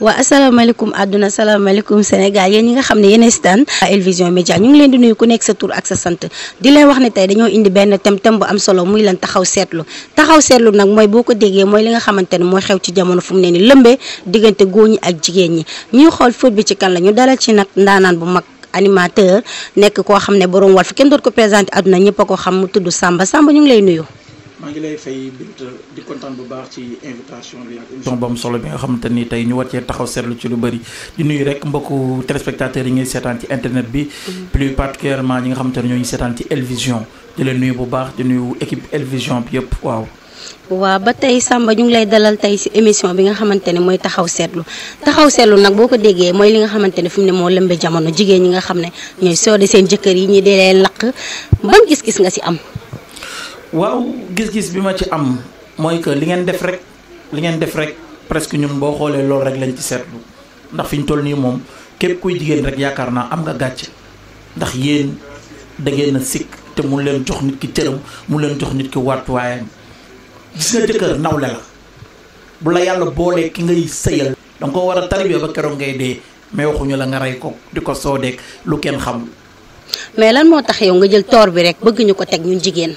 waa asalaamaaleykum àdduna asalaamaaleykum Sénégal yéen ñi nga xam ne yéen stan El Vision Média ñu ngi leen di nuyu ku nekk sa tur ak sa sant di leen wax ne tey dañoo indi benn thème tem bu am solo muy leen taxaw seetlu taxaw seetlu nag mooy boo ko déggee mooy li nga xamante ne mooy xew ci jamono fu mu ne ni lëmbee diggante góor ñi ak jigéen ñi ñuy xool fóot bi ci kan la ñu dalal ci nag ndaanaan bu mag animateur nekk koo xam ne borom Walf kenn doot ko présenté àdduna ñëpp ko xam mu tudd Samba Samba ñu ngi lay nuyu maa ngi lay fay di kontaan bu baax ci invitation bi ak solo bi nga xamante ni tey ñu war taxaw seetlu ci lu bëri di nuyu rek mbokk téléspectateurs yi ngay seetaan ci internet bi. Mm-hmm. plus particulièrement ñi nga xamante ne ñoo ñu seetaan ci Elvision di la nuyu bu baax di nuyu équipe Elvision bi yëpp waaw. waa ba tey Samba ñu ngi lay dalal tey ci émission bi nga xamante ne mooy taxaw seetlu taxaw seetlu nag boo ko déggee mooy li nga xamante ne fi mu ne moo lëmbe jamono jigéen ñi nga xam ne ñooy soode seen jëkkër yi ñi dee leen lakk gis-gis nga ci am. waaw gis-gis bi ma ci am mooy que li ngeen def rek li ngeen def rek presque ñun boo xoolee loolu rek lañ ci seetlu ndax fiñ toll nii moom képp kuy jigéen rek yaakaar naa am nga gàcce ndax yéen da ngeen a sikk te mu leen jox nit ki cëram mu leen jox nit ki wàttuwaayam gis nga jëkkër nawle la bu la yàlla boolee ki ngay sëyal da nga ko war a tarbiya ba keroog ngay dee mais waxuñu la nga rey ko di ko soodeeg lu kenn xam mais lan moo tax yow nga jël tor bi rek bëgg ñu ko teg ñun jigéen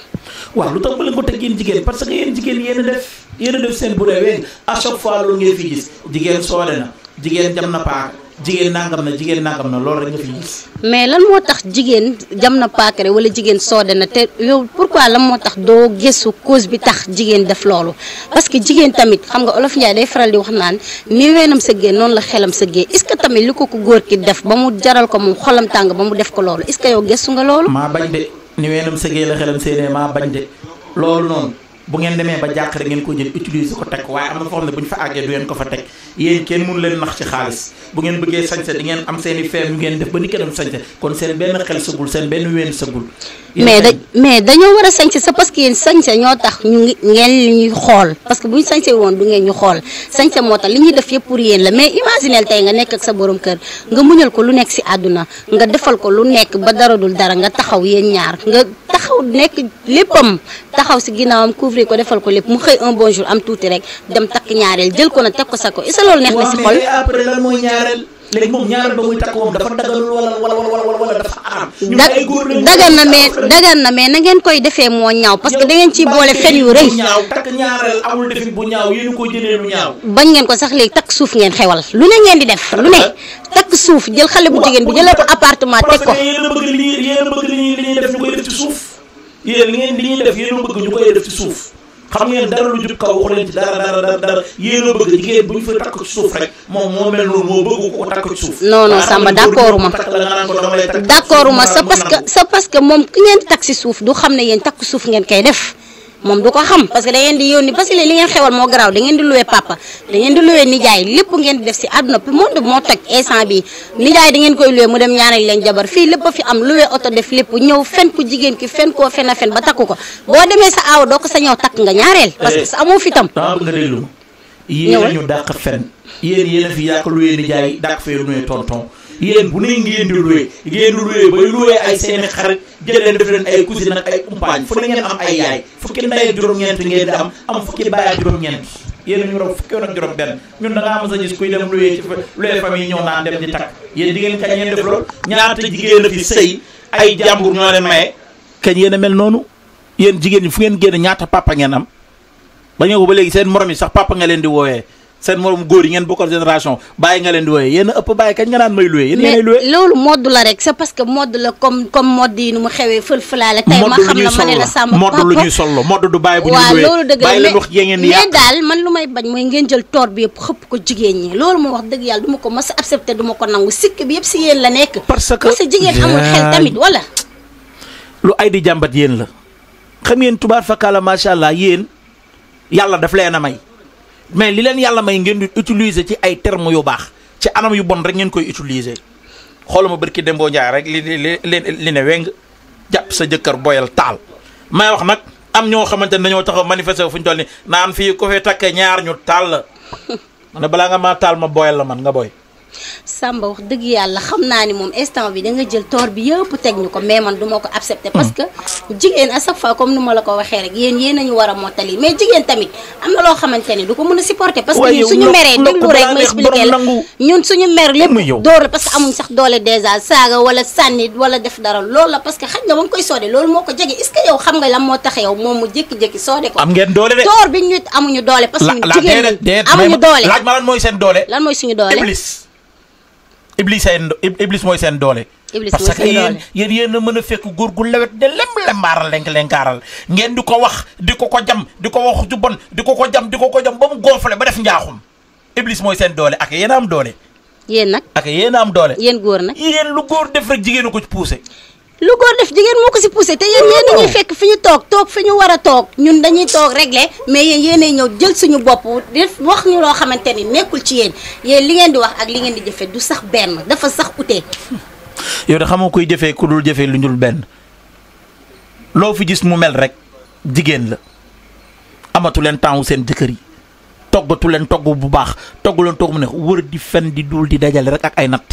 waaw lu tax ba leen ko teg yéen jigéen parce que yéen jigéen yéen a def yéen a def seen bu réwee à chaque fois loolu jigéen soode na jigéen jam na paaka jigéen nangam na jigéen nangam na loolu rek fi gis. mais lan moo tax jigéen jam na paakare wala jigéen soode na te yow pourquoi lan moo tax doo gëstu cause bi tax jigéen def loolu parce que jigéen tamit xam nga olof Ndiaye day faral di wax naan ni weenam sëggee noonu la xelam sëggee est ce tamit li ko ko góor ki def ba mu jaral ko moom xolam tàng ba mu def ko loolu est ce que yow gëstu nga loolu. ni weelam sa xelam seene ma bañ de lolou non bu ngeen demee ba jàq rek ngeen ko jël utiliser ko teg ko waaye am na foo xam ne bu ñu fa àggee du ngeen ko fa teg yéen kenn mënu leen nax ci xaalis bu ngeen bëggee sañse di ngeen am seen feem yu ngeen def ba ni kanam sañse kon seen benn xel sëgul seen benn ween sëgul mais da mais dañoo war a sañse sa parce que yéen sañse ñoo tax ñu ngeen xool parce que bu ñu sañse woon du ngeen ñu xool sañse moo tax li ñuy def yëpp pour yéen la mais imagineel tey nga nekk ak sa borom kër nga muñal ko lu nekk si àdduna nga defal ko lu nekk ba dara dara nga taxaw yéen ñaar nga taxaw nekk léppam taxaw si ginnaawam couvrir ko defal ko lépp mu xëy un bon am tuuti rek dem takk ñaareel jël ko nag teg ko sa ko est loolu neex na si xol. après da na mais dagan na mais na ngeen koy defee moo ñaaw parce que da ngeen ciy boole fen yu rëy. ñaaw takk ko jëlee lu ñaaw. bañ ngeen ko sax léegi takk suuf ngeen xewal lu ne ngeen di def lu ne takk suuf jël xale bu jigéen bi jëlee ko teg ko. a yéen ngeen li ñuy def yéen a bëgg ñu koy def ci suuf xam ngeen dara lu jub kaw waxu leen ci dara dara dara dara bëgg bu ñu fa takk ci suuf rek moom moo mel noonu moo bëgg ko takk ci suuf. non non Samba d' ma d' accord ma sa parce sa parce que moom ki ngeen takk ci suuf du xam ne yéen takk suuf ngeen koy def. moom du ko xam parce que da ngeen di yónni parce que li ngeen xewal moo garaaw da ngeen di loué papa da ngeen di loué nijaay lépp ngeen di def si àdduna monde bi moo toj instant bi nijaay da koy loué mu dem ñaanal leen jabar fii lépp a fi am loué oto def lépp ñëw fen ku jigéen ki fen koo fen a fen ba takku ko boo demee sa aaw doo ko sa ñëw takk nga ñaareel parce que sa amoo fi tam dama eh, bëgg a déglu yéen ñu dàq fen yéen yéen a fi yàq loué nijaay dàq fee loué tonton yéen bu ne ngeen di luwee ngeen di luwee bay luwee ay seeni xarit jël leen def leen ay cousine ak ay umpaañ fu ne ngeen am ay yaay fukki ndey juróom-ñeent ngeen di am am fukki baay ak juróom-ñeent yéen ñu raw fukki woon juróom benn ñun da ngaa mës a kuy dem luwee ci ñëw naan dem di takk yéen di kañ ngeen def loolu ñaata jigéen fi sëy ay jàmbur ñoo leen maye kañ yéen mel noonu yéen jigéen ñi fu ngeen génn ñaata papa ngeen am ba ñëw ba léegi seen morom yi sax papa nga leen di woowee sen morom góor yi ngeen bokkal generation bàyyi nga len doye wooyee yéen ëpp bàyyi kañ nga nan may loué yéen yéenay loué loolu modd la rek c'est parce que modd la comme comme modd yi nu mu xewé feul feulale tay ma xam la mané la sam modd lu ñuy sol la du bàyyi bu ñuy loué loolu la bàyyi leen wax yeen ngeen ya mais daal man lu may bañ moy ngeen jël tor bi yëpp xëpp ko jigeen ñi loolu moom wax deug yalla duma ko mas accepter duma ko nangu sik bi yëpp si yeen la nekk parce que jigeen amul xel tamit wala lu ay di jambat yeen la xam yeen tubaar fakala macha allah yéen daf leena may mais li leen yàlla may ngeen di utiliser ci ay termes yu baax ci anam yu bon rek ngeen koy utiliser xooluma dem boo Ndiaye rek li li li ne weng jàpp sa jëkkër boyal taal may wax nag am ñoo xamante ne dañoo taxaw manifester fu ñu toll ni naan fi ko fee takk ñaar ñu taal la ma ne balaa nga maa taal ma boyal la man nga boy Samba wax dëgg yàlla xam naa ni moom instant bi da nga jël toor bi yëpp teg ñu ko mais man du ma ko accepté. parce que jigéen à chaque fois comme nu ma la ko waxee rek yéen yéen nañu war a mottali mais jigéen tamit am na loo xamante ni du ko mën a supporter. que ñun suñu meree déglu rek ma expliqué la ñun suñu mer lépp door la parce que amuñ doole dèjà saaga wala sànni wala def dara loolu la parce na ba nga koy soode loolu moo ko jege est que yow xam nga lan moo tax yow moom mu jékki-jékki soode ko. toor bi ñu amuñu doole parce que ñun jigéen amuñu doole laaj ma lan mooy seen doole lan mooy suñu doole iblis seen iblis mooy seen doole. iblis mooy seen doole parce que yéen yéen yéen a mën a fekk góor gu lewet de lem lembaaral lenk lenkaaral ngeen di ko wax di ko ko jam di ko wax ju bon di ko ko jam di ko ko jam ba mu gonfle ba def njaaxum iblis mooy seen doole ak yéen am doole. yéen nag ak yéen am doole. yéen góor nag yéen lu góor def rek jigéen ko ci poussé. lu góor def jigéen moo ko si poussé te yéen yéen ñuy fekk fi ñu toog toog fi ñu war a toog ñun dañuy toog réglé mais yéen yéenay ñëw jël suñu bopp def wax ñu loo xamante ni nekkul ci yéen yéen li ngeen di wax ak li ngeen di jëfe du sax benn dafa sax utee yow de xamoo koy jëfee ku dul jëfee lu ñul benn loo fi gis mu mel rek jigéen la amatu leen temps wu seen jëkkër yi toggatu leen togg bu baax togg leen togg mu ne wër di fen di dul di dajale rek ak ay natt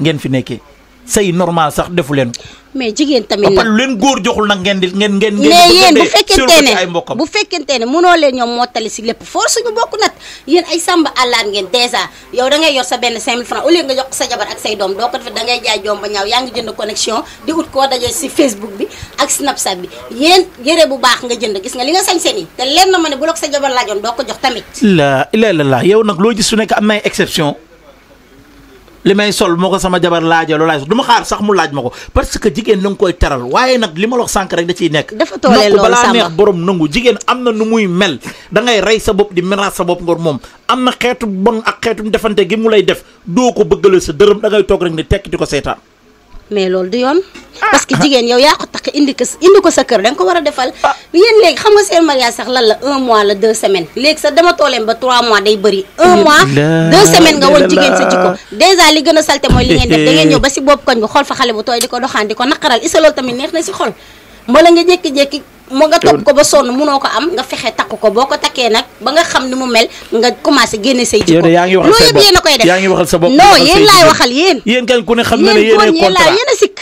ngeen fi nekkee sëy normal sax defu leen ko. mais jigéen tamit nag lu leen góor joxul nag ngeen di ngeen ngeen. mais yéen bu fekkente ne bu fekkente ne mënoo leen ñoom moo tali si lépp force suñu bokk nag yéen ay samba àllaan ngeen dèjà yow da ngay yor sa benn 5000 francs au nga jox ko sa jabar ak say doom doo ko defee da ngay jaay joom ba ñaaw yaa ngi jënd connexion di ut koo dajee si Facebook bi ak Snapchat bi yéen yére bu baax nga jënd gis nga li nga sañ seen yi te leen na ma ne bu la ko sa jabar laajoon doo ko jox tamit. la ilaha illallah yow nag loo gis su nekk am na ay li may sol moo ko sama jabar laajee loolu laaj du ma xaar sax mu laaj ma ko parce que jigéen la nga koy teral waaye nag li ma sànq rek da ciy nekk. dafa toolee loolu balaa neex borom nangu jigéen am na nu muy mel da ngay rey sa bopp di melaat sa bopp ngor moom am na xeetu bon a xeetu defante gi mu lay def doo ko bëggale sa dërëm da ngay toog rek ne tekki di ko seetaan. mais loolu du yoon. Ah. parce que jigéen yow yaa ko takk indi ko indi ko sa kër da ko war a defal. Ah. yéen léegi xam nga seen mariage sax lan la un mois la deux semaines léegi sax dama tooleem ba trois mois day bëri. un mois deux semaines nga woon jigéen sa jikko. dèjà li gën a salte mooy li ngeen def da ngeen ñëw ba si bopp koñ bi xool fa xale bu tooy di ko doxaan di ko naqaral isa loolu tamit neex na si xol. mbala nga jékki-jékki mu nga toog ko ba sonn munoo ko am nga fexe takk ko boo ko takkee nag ba nga xam ni mu mel nga commencé génne say jikko loolu yëpp yéen a koy yaa ngi waxal sa bopp non yéen laay waxal yéen yéen kañ ku ne xam na ne contrat yéen a sikk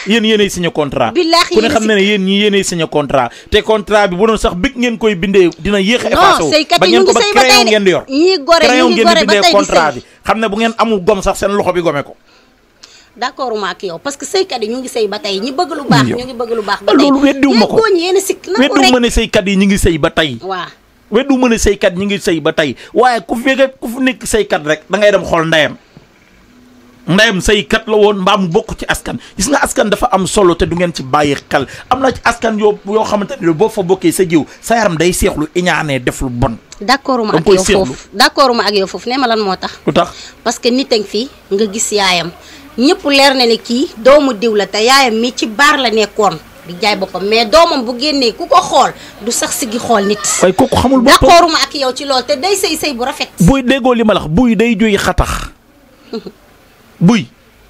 ne xam na ne yéen ñii yéenay signé contrat te contrat bi bu doon sax big ngeen koy bindee dina yéex a effacé wu ba ngeen ko ba crayon ngeen di yor crayon ngeen di bindee bi xam ne bu ngeen amul gom sax seen loxo bi gome ko d'accord ma ak yow parce que sëykat yi ñu ngi sëy ba tey ñi bëgg lu baax ñu ngi bëgg lu baax ba tey loolu weddiwu ma ko góoñ yéen sikk na ko yi ñu ngi sëy ba tey waaw weddiwu ma ne sëykat ñi ngi sëy ba tey waaye ku ku fi nekk sëykat rek da ngay dem xool ndayam ndeyam sëykat la woon mbaa mu bokk ci askan gis nga askan dafa am solo te du ngeen ci bàyyi xel am na ci askan yoo yoo xamante ne boo fa bokkee sa jiw sa yaram day seexlu iñaanee def lu bon d'accord ma ak yow foofu d'accord ma ak yow ne ma lan moo tax lu tax parce que nit a ngi fi nga gis yaayam ñëpp leer na ne kii doomu diw la te yaayam mi ci baar la nekkoon di jaay boppam mais doomam bu génnee ku ko xool du sax sigi xool nit. waaye kooku xamul boppam d'accordu ma ak yow ci loolu te day sëy sëy bu rafet. buy déggoo li ma lax buy day juy xatax buy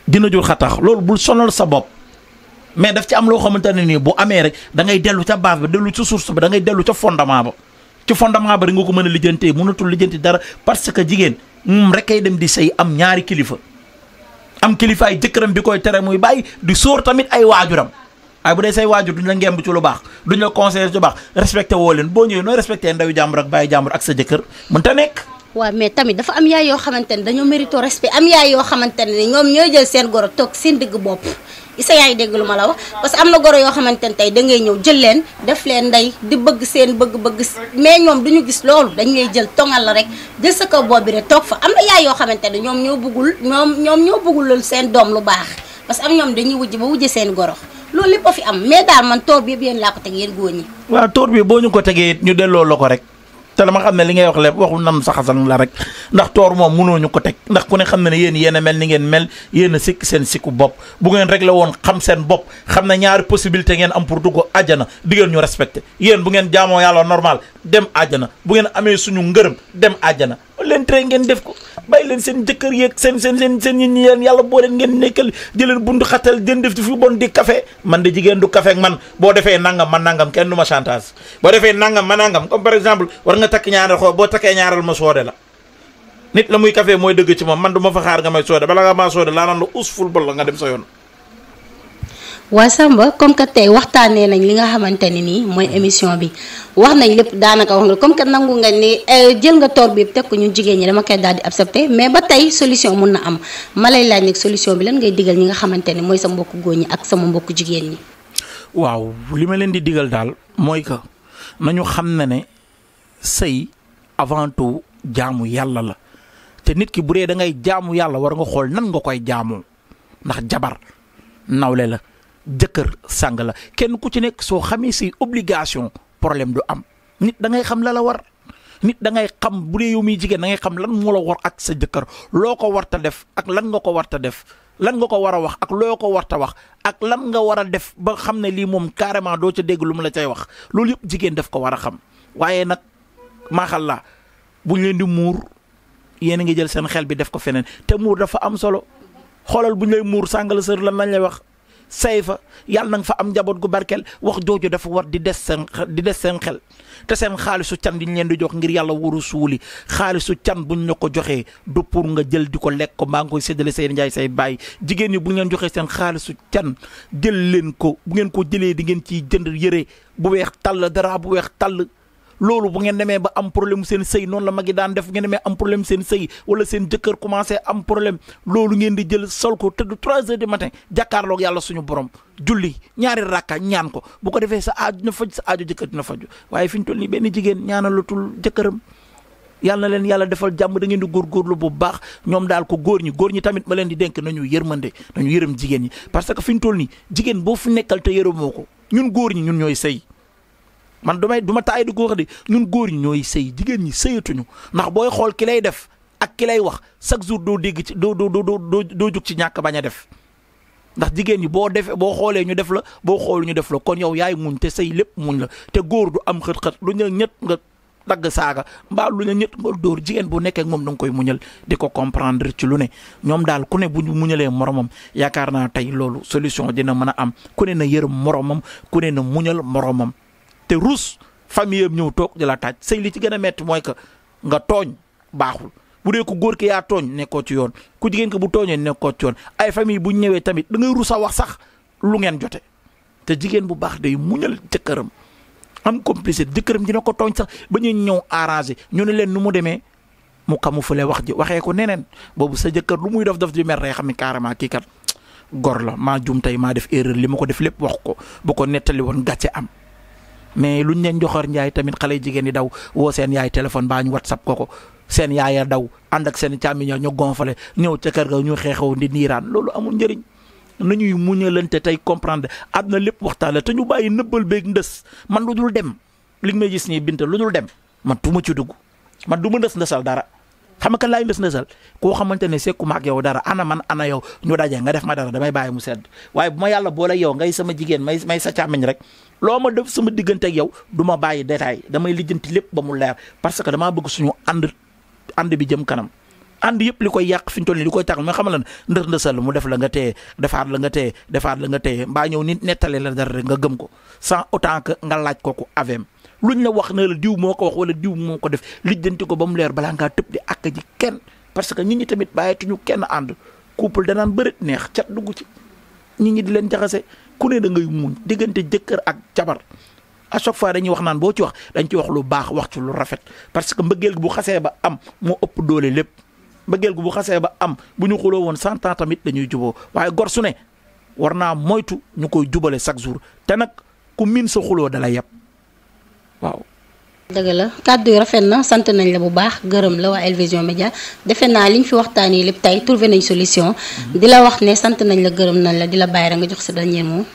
dina jur xatax loolu bul sonal sa bopp. mais daf ci am loo xamante ne nii bu amee rek dangay dellu ca base ba dellu ca source ba da ngay dellu ca fondement ba ci fondement ba rek nga ko mën a lijjantee mënatul lijjanti dara parce que jigéen moom rek kay dem di sëy am ñaari kilifa am kilifaay jëkkëram bi koy tere muy bàyyi di soor tamit ay waajuram waaye bu dee say waajur duñ la ngemb ci lu baax duñ la conseillé lu baax respecté woo leen boo ñëwee nooy respecté ndawi jàmbur ak bàyyi jàmbur ak sa jëkkër mën ta nekk. waaw mais tamit dafa am yaay yoo xamante ne dañoo mérito respect am yaay yoo xamante ne ñoom ñooy jël seen goro toog seen digg bopp isa yaay dégg lu ma la wax parce que am na goro yoo xamante ne tey da ñëw jël leen def leen ndey di bëgg seen bëgg-bëgg mais ñoom du ñu gis loolu dañ lay jël tongal la rek jël sa kaw boobu rek toog fa am na yaay yoo xamante ne ñoom ñoo bëggul ñoom ñoom ñoo bëggul seen doom lu baax parce que am ñoom dañuy wujj ba wujj seen goro loolu lépp a fi am mais daal man toor bi yëpp yéen laa ko teg yéen góor ñi waaw toor bi boo ñu ko tegee ñu delloo la ko rek te dama xam ne li ngay wax lépp waxu nam saxasan la rek ndax toor moom mënoo ñu ko teg ndax ku ne xam ne ne yéen yéen a mel ni ngeen mel yéen a sikk seen sikku bopp bu ngeen réglé woon xam seen bopp xam ne ñaari possibilité ngeen am pour dugg àjjana di ngeen ñu respecté yéen bu ngeen jaamoo yàlla normal dem àjjana bu ngeen amee suñu ngërëm dem àjjana leen tere ngeen def ko bay leen seen jëkkër yeeg seen seen seen seen ñi leen yàlla boo leen ngeen nekkal di leen bundu xatal den def di fi bon di café man de jigéen du kafe ak man boo defee nangam ma nangam kenn du ma chantage boo defee nangam ma nangam comme par exemple war nga takk ñaareel xoo boo takkee ñaareel ma soode la nit la muy café mooy dëgg ci moom man du ma fa xaar nga may soode bala nga maa soode laa naan la usful bol la nga dem sa yoon waa Samba comme que tey waxtaanee nañ li nga xamante ni nii mooy émission bi wax nañ lépp daanaka wax nga comme que nangu nga ni eh, jël nga toor bi teg ko ñu jigéen ñi dama koy daal di accepté mais ba tey solution mun na am ma lay laaj nag solution bi lan ngay digal ñi nga xamante ne mooy sa mbokku góor ñi ak sama mbokku jigéen ñi. waaw li ma leen di digal daal mooy que nañu xam na ne say avant tout jaamu yàlla la te nit ki bu dee da ngay jaamu yàlla war nga xool nan nga koy jaamoo ndax jabar nawle la. jëkkër sang la kenn ku ci nekk soo xamee si obligation problème du am nit da ngay xam la la war nit da ngay xam bu dee yow miy jigéen da ngay xam lan moo la war ak sa jëkkër loo ko warta def ak lan nga ko warta def lan nga ko war a wax ak loo ko warta wax ak lan nga war a def ba xam ne lii moom carrément doo ca dégg lu mu la cay wax loolu yëpp jigéen daf ko war a xam waaye nag maaxal la ñu leen di muur yéen ngi jël seen xel bi def ko feneen te muur dafa am solo xoolal buñ lay muur sàngal sër lan lañ lay wax say fa yàlla na fa am njaboot gu barkeel wax jooju dafa war di des seen di des seen xel te seen xaalisu can yi ñu leen di jox ngir yàlla waru suuli xaalisu can buñ la ko joxe du pour nga jël di ko lekk ko mbaa nga koy séddale say njaay say bàyyi jigéen ñi bu ngeen joxee seen xaalisu can jël leen ko ngeen ko jëlee di ngeen ciy jënd yëre bu weex talla dara bu weex tàll loolu bu ngeen demee ba am problème seen sëy noonu la magi daan def bu ngeen demee seen sëy wala seen jëkkër commencé am problème loolu ngeen di jël sol ko tëdd trois heures du matin jàkkaarloog yàlla suñu borom julli ñaari rakka ñaan ko bu ko defee sa aaju dina faj sa aaju jëkkër dina faju waaye fi ñu toll nii benn jigéen tul jëkkëram yàlla na leen yàlla defal jàmm da ngeen di góorgóorlu bu baax ñoom daal ko góor ñi góor ñi tamit ma leen di dénk nañu yërmande nañu yërëm jigéen ñi parce que fi ñu toll nii jigéen boo fi nekkal te yërëmoo ko ñun góor ñi ñun ñooy sëy man du may du ma taay di ko wax de ñun góor ñi ñooy sëy jigéen ñi sëyatuñu ndax booy xool ki lay def ak ki lay wax chaque jour doo dégg ci doo doo doo doo jug ci ñàkk bañ a def ndax jigéen ñi boo defee boo xoolee ñu def la boo xool ñu def la kon yow yaay muñ te sëy lépp muñ la te góor du am xët-xët lu ñu ñett nga dagg saaga mbaa lu ñu ñett nga dóor jigéen bu nekkee moom da nga koy muñal di ko comprendre ci lu ne ñoom daal ku ne bu ñu muñalee moromam yaakaar naa tey loolu solution dina mën a am ku ne na yërëm moromam ku ne na muñal moromam. te rus famille am ñëw toog di la taaj sëy li ci gën a metti mooy que nga tooñ baaxul bu dee ku góor ki yaa tooñ nekkoo ci yoon ku jigéen ki bu tooñee nekkoo ci yoon ay famille bu ñewee tamit da ngay rus a wax sax lu ngeen jote te jigéen bu baax day muñal jëkkëram am complice jëkkëram dina ko tooñ sax ba ñuy ñëw arrangé ñu ne leen nu mu demee mu camoufler wax ji waxee ko neneen boobu sa jëkkër lu muy def daf di mer rek xam ne carrément kii kat gor la maa jum tey maa def erreur li ma ko def lépp wax ko bu ko nettali woon gàcce am. mais luñ leen joxor njaay tamit xale yu jigéen yi daw woo seen yaay téléphone baa ñu whatsapp ko ko seen yaaya daw ànd ak seen càmmiña ñoo gonfale ñëw ca kër ga ñu xeexew di niiraan loolu amul ñuy nañuy muñalante tey comprendre am na lépp waxtaan la te ñu bàyyi nëbbal beeg ndes man lu dul dem li nga may gis nii binte lu dul dem man du ma ci dugg man du ma ndës ndësal dara. xam nga kan laay mbés nësal koo xamante ne sekkuma ak yow dara ana man ana yow ñu daje nga def ma dara damay bàyyi mu sedd waaye bu ma yàlla boole yow ngay sama jigéen may may sa càmmiñ rek loo ma def sama diggante ak yow du ma bàyyi détail damay lijjanti lépp ba mu leer parce que damaa bëgg suñu ànd ànd bi jëm kanam ànd yëpp li koy yàq fi ñu toll li koy tax ma xam la ndër ndësal mu def la nga téye defaat la nga téye defaat la nga téye mbaa ñëw nit nettale la dara rek nga gëm ko sans autant que nga laaj kooku avem luñ la wax na la diw moko wax wala diw moko def lijeenti ko bam leer bala nga tepp di ak ji kenn parce que nit ñi tamit bàyyatuñu kenn and couple danaan beurit neex ci dugg ci nit ñi di leen jaxase ku ne da ngay muñ digeenti ak jabar Asok chaque fois dañuy wax naan bo ci wax dañ ci wax lu baax wax ci lu rafet parce que mbëggeel bu xasse ba am mo upp doole lepp mbëggeel gu bu xasse ba am bu ñu won woon ans tamit dañuy jubo waye gor su ne warna moytu ñukoy jubale chaque jour te nak ku min sa xulo dala yeb waaw. dëgg la kàddu yi rafet na sant nañ la bu baax gërëm la waa El Vision Médias defe naa li ñu fi waxtaan yi lépp tey trouvé nañ solution. Mhm. di la wax ne sant nañ la gërëm nañ la di la bàyyi rek nga jox sa dernier mot.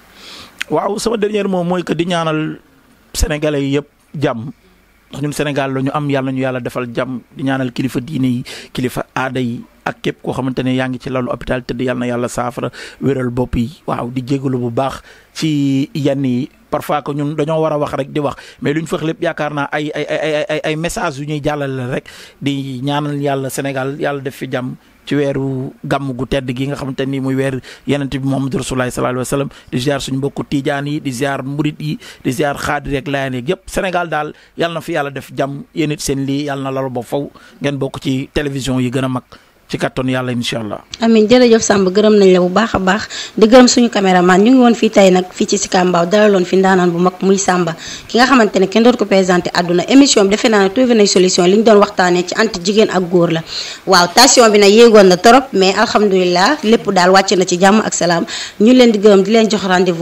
waaw sama dernier moom mooy que di ñaanal sénégalais yi yëpp jàmm. ndax ñun Sénégal la ñu am yàlla ñu yàlla defal jàmm di ñaanal kilifa diine yi kilifa aada yi. ak képp koo xamante ne yaa ngi ci lalu hôpital tëdd yàlla na yàlla saafara wéral bopp yi waaw di jégalu bu baax ci yenn yi parfois que ñun dañoo war a wax rek di wax mais lu ñu fex lépp yaakaar naa ay ay ay ay ay message ñuy jàllale rek di ñaanal yàlla Sénégal yàlla def fi jàmm ci weeru gàmm gu tedd gi nga xamante ni muy weer yenent bi Muhammadu Rasulullahi sallallahu alayhi wa sallam di ziar suñu mbokku tiijaan yi di ziar murit yi di ziar xaadir ak layaan yeeg yëpp Sénégal daal yàlla fi yàlla def jàmm yéen seen lii yàlla na lal ba faw ngeen bokk ci télévision yi gën a mag ci kattan yàlla incha allah. amiin jërëjëf Samb gërëm nañ la bu baax a baax di gërëm suñu caméraman ñu ngi woon fii tey nag fii ci Sicap Mbao dalaloon fi ndaanaan bu mag muy Samba ki nga xamante ne kenn dootu ko présenté àdduna émission bi defe naa ne trouvé nañ solution li ñu doon waxtaanee ci anti jigéen ak góor la waaw tension bi nag yéegoon na trop mais alhamdulilah lépp daal wàcc na ci jàmm ak salaam ñu leen di gërëm di leen jox rendez